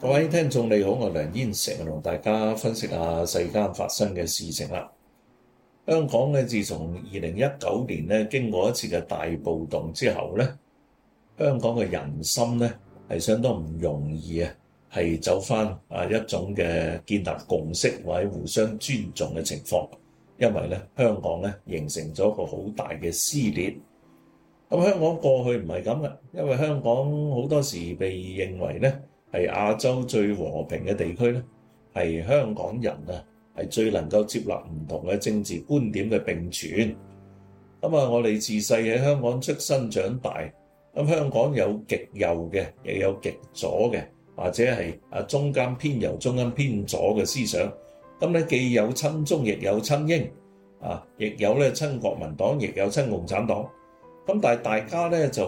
各位聽眾你好，我梁燕成，同大家分析下世間發生嘅事情啦。香港咧，自從二零一九年咧經過一次嘅大暴動之後咧，香港嘅人心咧係相當唔容易啊，係走翻啊一種嘅建立共識或者互相尊重嘅情況。因為咧，香港咧形成咗一個好大嘅撕裂。咁香港過去唔係咁嘅，因為香港好多時被認為咧。係亞洲最和平嘅地區咧，係香港人啊，係最能夠接納唔同嘅政治觀點嘅並存。咁啊，我哋自細喺香港出生長大，咁香港有極右嘅，亦有極左嘅，或者係啊中間偏右、中間偏左嘅思想。咁咧，既有親中，亦有親英，啊，亦有咧親國民黨，亦有親共產黨。咁但係大家咧就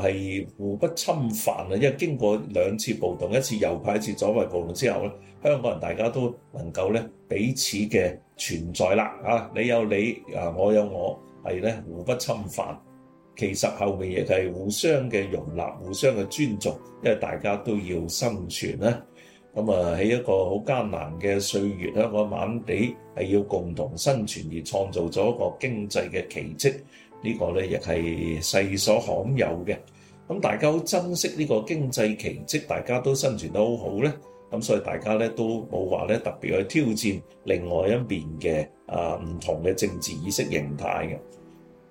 係互不侵犯啊！因為經過兩次暴動，一次右派，一次左派暴動之後，咧，香港人大家都能夠咧彼此嘅存在啦啊！你有你啊，我有我，係咧互不侵犯。其實後面亦係互相嘅容納，互相嘅尊重，因為大家都要生存啦。咁啊喺一個好艱難嘅歲月咧，我慢慢地係要共同生存而創造咗一個經濟嘅奇跡。呢個咧亦係世所罕有嘅，咁大家好珍惜呢個經濟奇蹟，大家都生存得好好咧，咁所以大家咧都冇話咧特別去挑戰另外一面嘅啊唔同嘅政治意識形態嘅。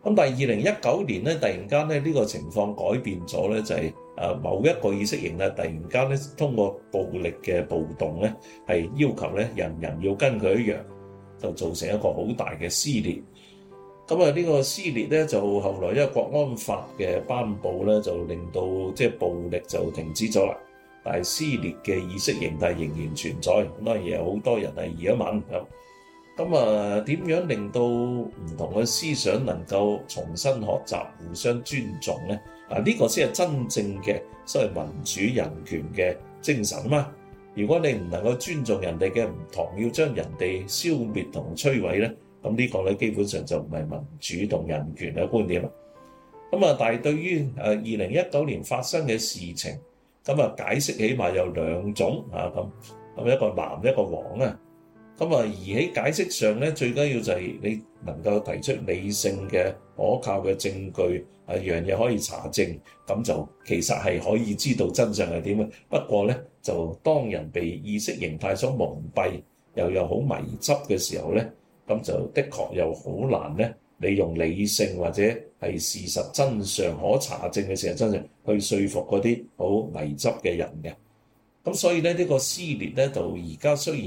咁但係二零一九年咧，突然間咧呢個情況改變咗咧，就係啊某一個意識形態突然間咧通過暴力嘅暴動咧，係要求咧人人要跟佢一樣，就造成一個好大嘅撕裂。咁啊，呢個撕裂咧就後來因為國安法嘅頒布咧，就令到即係、就是、暴力就停止咗啦。但係撕裂嘅意識形態仍然存在，當然有好多人係移咗民唔入。咁啊，點樣令到唔同嘅思想能夠重新學習、互相尊重咧？嗱、啊，呢、這個先係真正嘅所謂民主、人權嘅精神啊嘛！如果你唔能夠尊重人哋嘅唔同，要將人哋消滅同摧毀咧，咁呢個咧，基本上就唔係民主同人權嘅觀點啦。咁啊，但係對於誒二零一九年發生嘅事情，咁啊解釋起碼有兩種啊。咁咁一個藍一個黃啊。咁啊，而喺解釋上咧，最緊要就係你能夠提出理性嘅可靠嘅證據，啊樣嘢可以查證，咁就其實係可以知道真相係點嘅。不過咧，就當人被意識形態所蒙蔽，又又好迷執嘅時候咧。咁就的確又好難咧，你用理性或者係事實真相可查證嘅事實真相去說服嗰啲好危執嘅人嘅。咁所以咧，呢個撕裂咧，到而家雖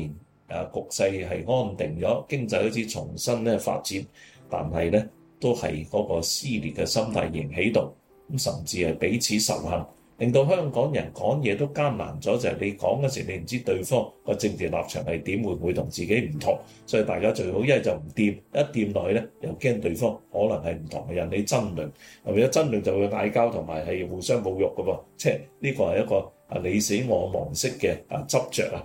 然啊局勢係安定咗，經濟好似重新咧發展，但係咧都係嗰個撕裂嘅心態仍喺度，咁甚至係彼此仇恨。令到香港人講嘢都艱難咗，就係你講嗰時，你唔知對方個政治立場係點，會唔會同自己唔同，所以大家最好一係就唔掂，一掂落去咧又驚對方可能係唔同嘅人，你爭論，後尾爭論就會嗌交，同埋係互相侮辱嘅噃，即係呢個係一個啊你死我亡式嘅啊執著啊。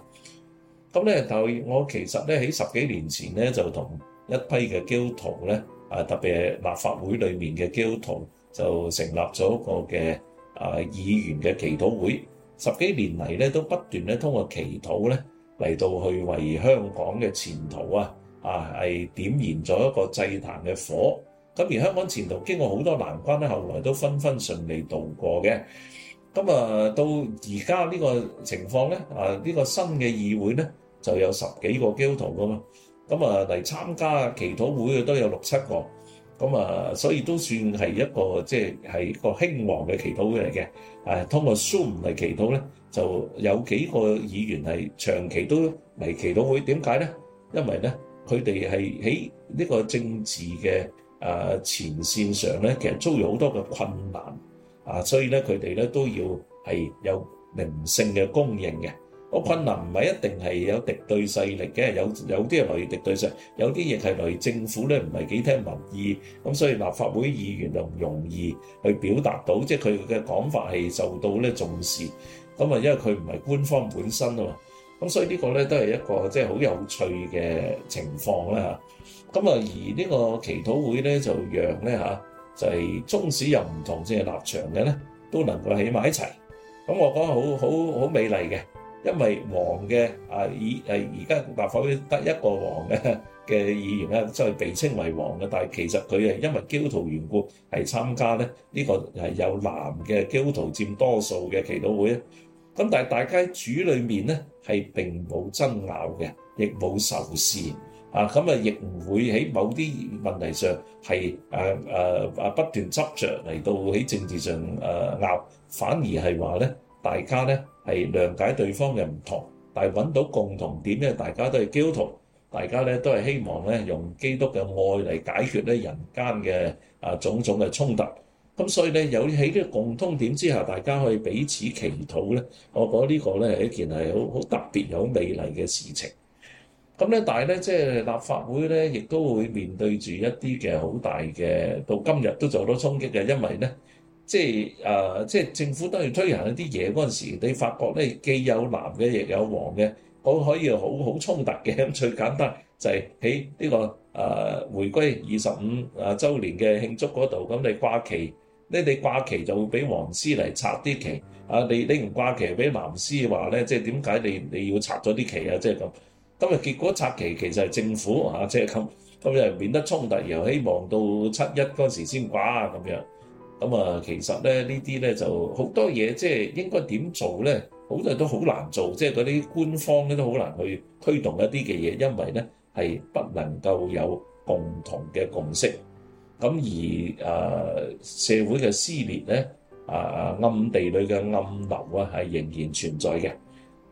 咁咧，就我其實咧喺十幾年前咧就同一批嘅基督徒咧啊，特別係立法會裏面嘅基督徒就成立咗一個嘅。啊！議員嘅祈禱會十幾年嚟咧，都不斷咧通過祈禱咧嚟到去為香港嘅前途啊啊，係點燃咗一個祭壇嘅火。咁而香港前途經過好多難關咧，後來都紛紛順利渡過嘅。咁啊，到而家呢個情況咧啊，呢個新嘅議會咧就有十幾個基督徒噶嘛，咁啊嚟參加祈禱會嘅都有六七個。咁啊、嗯，所以都算係一個，即係係一個興旺嘅祈禱會嚟嘅。誒、啊，通過 Zoom 嚟祈禱咧，就有幾個議員係長期都嚟祈禱會，點解咧？因為咧，佢哋係喺呢個政治嘅誒、啊、前綫上咧，其實遭遇好多嘅困難啊，所以咧佢哋咧都要係有靈性嘅供應嘅。個困難唔係一定係有敵對勢力嘅，有有啲係來自敵對勢，有啲亦係來政府咧，唔係幾聽民意咁，所以立法會議員就唔容易去表達到，即係佢嘅講法係受到咧重視咁啊。因為佢唔係官方本身啊嘛，咁所以呢個咧都係一個即係好有趣嘅情況啦。咁啊，而呢個祈禱會咧就讓咧嚇就係終始又唔同，即係立場嘅咧，都能夠起埋一齊咁，我覺得好好好美麗嘅。因為黃嘅啊議係而家立法會得一個黃嘅嘅議員咧，就係被稱為黃嘅。但係其實佢係因為基督徒緣故係參加咧呢個係有藍嘅基督徒佔多數嘅祈禱會咧。咁但係大家主裏面咧係並冇爭拗嘅，亦冇仇視啊。咁啊，亦唔會喺某啲問題上係誒誒誒不斷執著嚟到喺政治上誒拗，反而係話咧。大家咧係諒解對方嘅唔同，但係揾到共同點咧，大家都係基督徒。大家咧都係希望咧用基督嘅愛嚟解決咧人間嘅啊種種嘅衝突。咁所以咧有喺啲共通點之下，大家可以彼此祈禱咧。我覺得呢個咧係一件係好好特別又美麗嘅事情。咁咧，但係咧，即係立法會咧，亦都會面對住一啲嘅好大嘅，到今日都做到衝擊嘅，因為咧。即係誒、呃，即係政府當然推行一啲嘢嗰陣時，你發覺咧既有藍嘅，亦有黃嘅，可可以好好衝突嘅。咁最簡單就係喺呢個誒、呃、回歸二十五啊週年嘅慶祝嗰度，咁你掛旗，呢你掛旗就會俾黃絲嚟拆啲旗。啊，你你唔掛旗，俾藍絲話咧，即係點解你你要拆咗啲旗啊？即係咁。今日結果拆旗其實係政府嚇，即係咁，咁、就、又、是、免得衝突，又希望到七一嗰陣時先掛咁樣。咁啊，其實咧呢啲咧就好多嘢，即係應該點做咧，好多人都好難做。即係嗰啲官方咧都好難去推動一啲嘅嘢，因為咧係不能夠有共同嘅共識。咁而誒、啊、社會嘅撕裂咧，啊暗地裏嘅暗流啊係仍然存在嘅。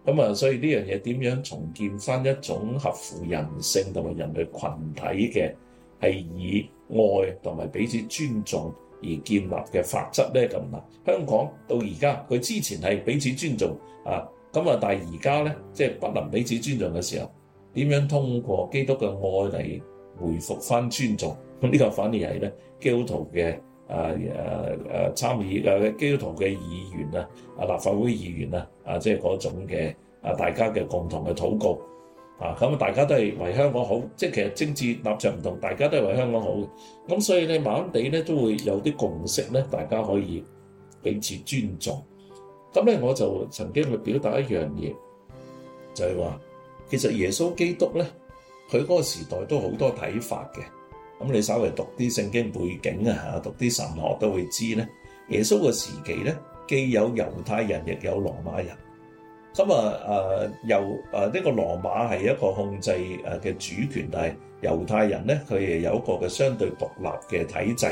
咁啊，所以呢樣嘢點樣重建翻一種合乎人性同埋人類群體嘅係以愛同埋彼此尊重。而建立嘅法則咧，咁嗱，香港到而家佢之前係彼此尊重啊，咁啊但係而家咧即係不能彼此尊重嘅時候，點樣通過基督嘅愛嚟回復翻尊重？咁、嗯、呢、這個反而係咧基督徒嘅誒誒誒參與誒、啊、基督徒嘅議員啊、啊立法會議員啊、即啊即係嗰種嘅啊大家嘅共同嘅禱告。啊咁大家都係為香港好，即係其實政治立場唔同，大家都係為香港好嘅。咁所以你慢慢地咧都會有啲共識咧，大家可以彼此尊重。咁咧，我就曾經去表達一樣嘢，就係話其實耶穌基督咧，佢嗰個時代都好多睇法嘅。咁你稍微讀啲聖經背景啊，讀啲神學都會知咧。耶穌嘅時期咧，既有猶太人，亦有羅馬人。咁啊，誒由誒呢個羅馬係一個控制誒嘅主權，但係猶太人咧，佢亦有一個嘅相對獨立嘅體制，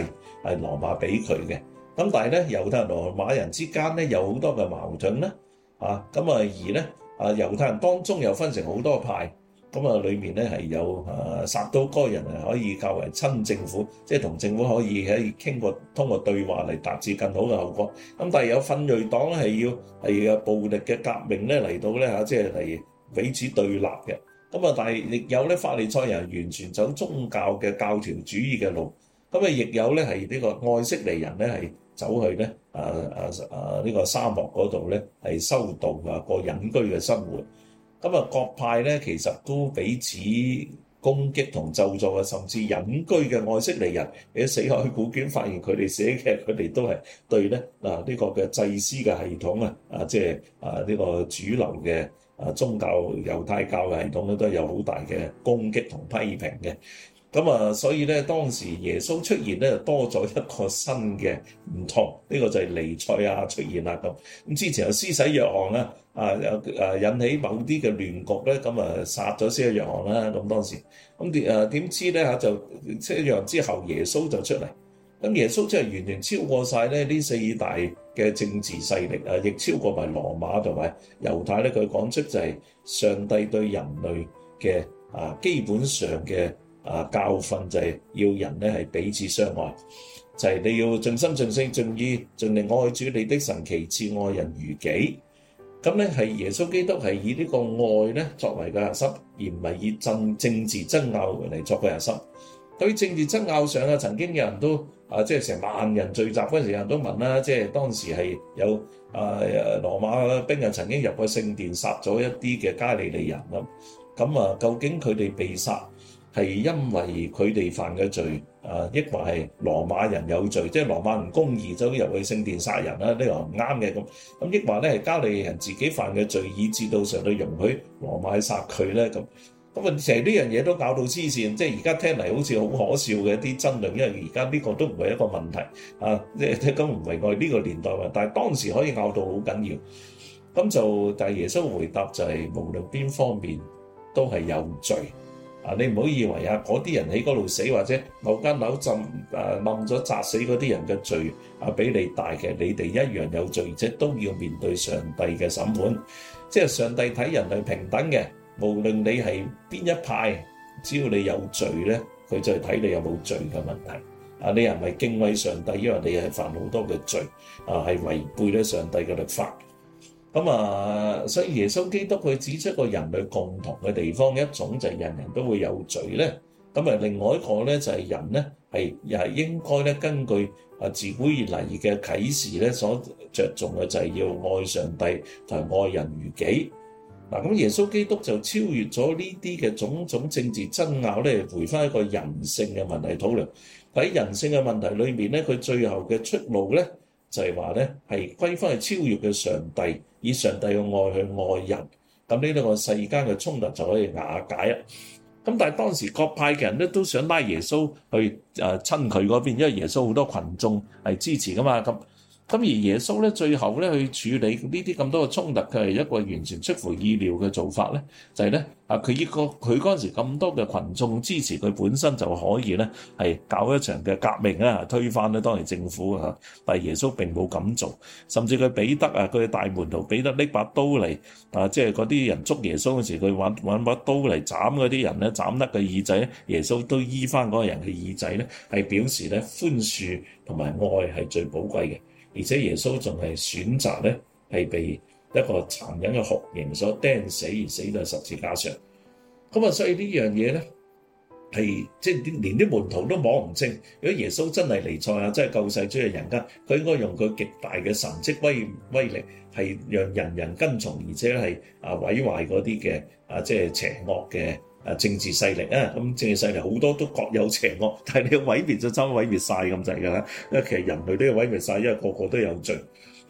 係羅馬俾佢嘅。咁但係咧，猶太人羅馬人之間咧有好多嘅矛盾啦。啊，咁啊而咧，啊猶太人當中又分成好多派。咁啊，裏面咧係有誒撒都該人係可以較為親政府，即係同政府可以喺傾過通過對話嚟達至更好嘅後果。咁但係有奮銳黨係要係嘅暴力嘅革命咧嚟到咧嚇，即係嚟彼此對立嘅。咁啊，但係亦有咧法利賽人完全走宗教嘅教條主義嘅路。咁啊，亦有咧係呢個愛色尼人咧係走去咧誒誒誒呢個沙漠嗰度咧係修道啊，過隱居嘅生活。咁啊，各派咧其實都彼此攻擊同咒詛啊，甚至隱居嘅愛色尼人，你死海古卷發現佢哋寫嘅，佢哋都係對咧啊呢個嘅祭司嘅系統啊啊即係啊呢個主流嘅啊宗教猶太教嘅系統咧，都係有好大嘅攻擊同批評嘅。咁啊，所以咧，當時耶穌出現咧，就多咗一個新嘅唔同。呢、這個就係尼賽亞出現啊咁。咁之前有施洗約翰啊，啊有、啊、引起某啲嘅亂局咧，咁啊殺咗施洗約翰啦。咁當時咁點啊？點知咧嚇就施洗約翰之後耶，耶穌就出嚟。咁耶穌真係完全超過晒咧呢四大嘅政治勢力啊，亦超過埋羅馬同埋猶太咧。佢講出就係上帝對人類嘅啊基本上嘅。啊！教訓就係要人咧係彼此相愛，就係、是、你要盡心盡性盡意盡力愛主你的神，其次愛人如己。咁咧係耶穌基督係以呢個愛咧作為嘅核心，而唔係以政政治爭拗嚟作嘅核心。對政治爭拗上啊，曾經有人都啊，即係成萬人聚集嗰陣時，人都問啦，即係當時係有啊羅馬兵人曾經入過聖殿殺咗一啲嘅加利利人咁。咁啊，究竟佢哋被殺？係因為佢哋犯嘅罪，啊，抑或係羅馬人有罪，即係羅馬人公義走入去聖殿殺人啦，呢個唔啱嘅咁，咁抑或咧係加利人自己犯嘅罪，以至到上帝容許羅馬去殺佢咧咁，咁啊成呢樣嘢都搞到黐線，即係而家聽嚟好似好可笑嘅一啲爭論，因為而家呢個都唔係一個問題，啊，即係咁唔係我哋呢個年代話，但係當時可以拗到好緊要，咁就但係耶穌回答就係、是、無論邊方面都係有罪。啊！你唔好以為啊，嗰啲人喺嗰度死或者某間樓浸誒冧咗砸死嗰啲人嘅罪啊，比你大嘅，你哋一樣有罪，而且都要面對上帝嘅審判。即係上帝睇人類平等嘅，無論你係邊一派，只要你有罪咧，佢就係睇你有冇罪嘅問題。啊，你係咪敬畏上帝？因為你係犯好多嘅罪啊，係違背咧上帝嘅律法。咁啊、嗯，所以耶穌基督佢指出個人類共同嘅地方，一種就係人人都會有罪咧。咁、嗯、啊，另外一個咧就係人咧，係又係應該咧根據啊自古以嚟嘅啟示咧，所着重嘅就係要愛上帝同愛人如己。嗱、嗯，咁、嗯、耶穌基督就超越咗呢啲嘅種種政治爭拗咧，回翻一個人性嘅問題討論。喺人性嘅問題裏面咧，佢最後嘅出路咧。就係話咧，係歸翻係超越嘅上帝，以上帝嘅愛去愛人，咁呢兩個世間嘅衝突就可以瓦解啦。咁但係當時各派嘅人咧都想拉耶穌去誒親佢嗰邊，因為耶穌好多群眾係支持㗎嘛咁。咁而耶穌咧，最後咧去處理呢啲咁多嘅衝突，佢係一個完全出乎意料嘅做法咧，就係咧啊，佢依個佢嗰陣時咁多嘅群眾支持佢，本身就可以咧係搞一場嘅革命啦，推翻咧當年政府啊。但係耶穌並冇咁做，甚至佢彼得啊，佢大門徒彼得拎把刀嚟啊，即係嗰啲人捉耶穌嗰時，佢揾揾把刀嚟斬嗰啲人咧，斬甩個耳仔。耶穌都醫翻嗰個人嘅耳仔咧，係表示咧寬恕同埋愛係最寶貴嘅。而且耶穌仲係選擇咧，係被一個殘忍嘅酷刑所釘死而死在十字架上。咁、嗯、啊，所以呢樣嘢咧，係即係連啲門徒都摸唔清。如果耶穌真係彌賽亞，真係救世主嘅人格，佢應該用佢極大嘅神蹟威威力，係讓人人跟從，而且係啊毀壞嗰啲嘅啊即係邪惡嘅。誒政治勢力啊，咁政治勢力好多都各有邪惡，但係你毀滅就真毀滅曬咁滯㗎啦。因為其實人類都要毀滅曬，因為個個都有罪。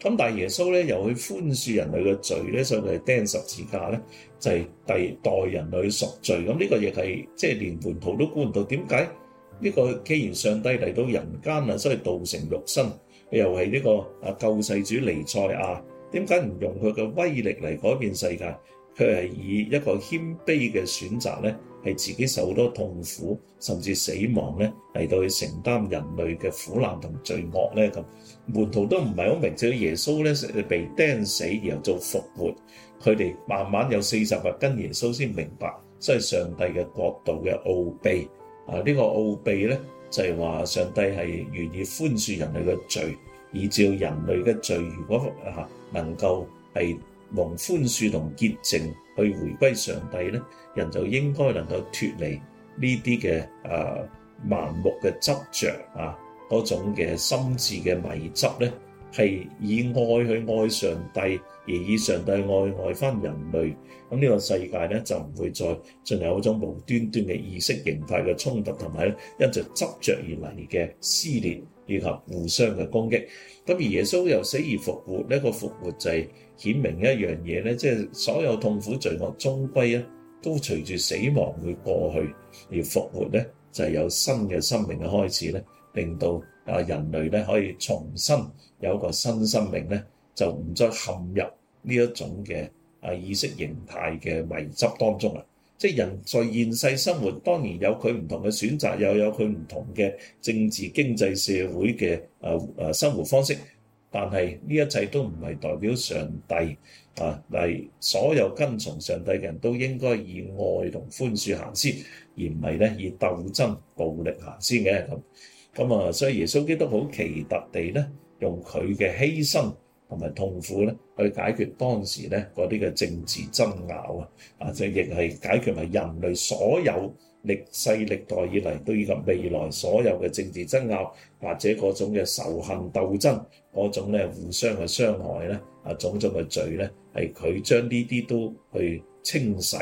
咁但係耶穌咧又去寬恕人類嘅罪咧，所以佢釘十字架咧就係代替人類贖罪。咁呢個亦係即係連門徒都估唔到點解呢個既然上帝嚟到人間啦，所以道成肉身，又係呢個啊救世主彌賽亞，點解唔用佢嘅威力嚟改變世界？佢係以一個謙卑嘅選擇咧，係自己受好多痛苦，甚至死亡咧嚟到去承擔人類嘅苦難同罪惡咧咁。門徒都唔係好明，即係耶穌咧被釘死，然後做復活。佢哋慢慢有四十日跟耶穌先明白，即係上帝嘅國度嘅奧秘。啊，呢個奧秘咧就係話上帝係願意寬恕人類嘅罪，以照人類嘅罪，如果啊能夠係。同寬恕同潔淨去回歸上帝咧，人就應該能夠脫離呢啲嘅誒盲目嘅執着啊，嗰種嘅心智嘅迷執咧，係以愛去愛上帝，而以上帝愛愛翻人類。咁呢個世界咧就唔會再進行嗰種無端端嘅意識形態嘅衝突，同埋咧因着執着而嚟嘅撕裂以及互相嘅攻擊。咁而耶穌又死而復活，呢一個復活就係。顯明一樣嘢咧，即係所有痛苦、罪惡，終歸咧都隨住死亡會過去。而復活咧，就係有新嘅生命嘅開始咧，令到啊人類咧可以重新有一個新生命咧，就唔再陷入呢一種嘅啊意識形態嘅泥濘當中啦。即係人在現世生活，當然有佢唔同嘅選擇，又有佢唔同嘅政治、經濟、社會嘅誒誒生活方式。但係呢一切都唔係代表上帝啊！但係所有跟從上帝嘅人都應該以愛同寬恕行先，而唔係咧以鬥爭暴力行先嘅咁咁啊。所以耶穌基督好奇特地咧，用佢嘅犧牲同埋痛苦咧，去解決當時咧嗰啲嘅政治爭拗啊！啊，即係亦係解決埋人類所有歷世歷代以嚟，都以及未來所有嘅政治爭拗或者嗰種嘅仇恨鬥爭。嗰種咧互相嘅傷害咧，啊種種嘅罪咧，係佢將呢啲都去清洗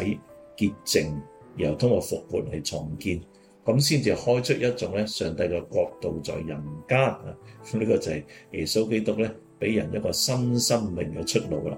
潔淨，然後通過復活嚟重建，咁先至開出一種咧上帝嘅國度在人家啊，呢、那個就係耶穌基督咧俾人一個新生命嘅出路啦。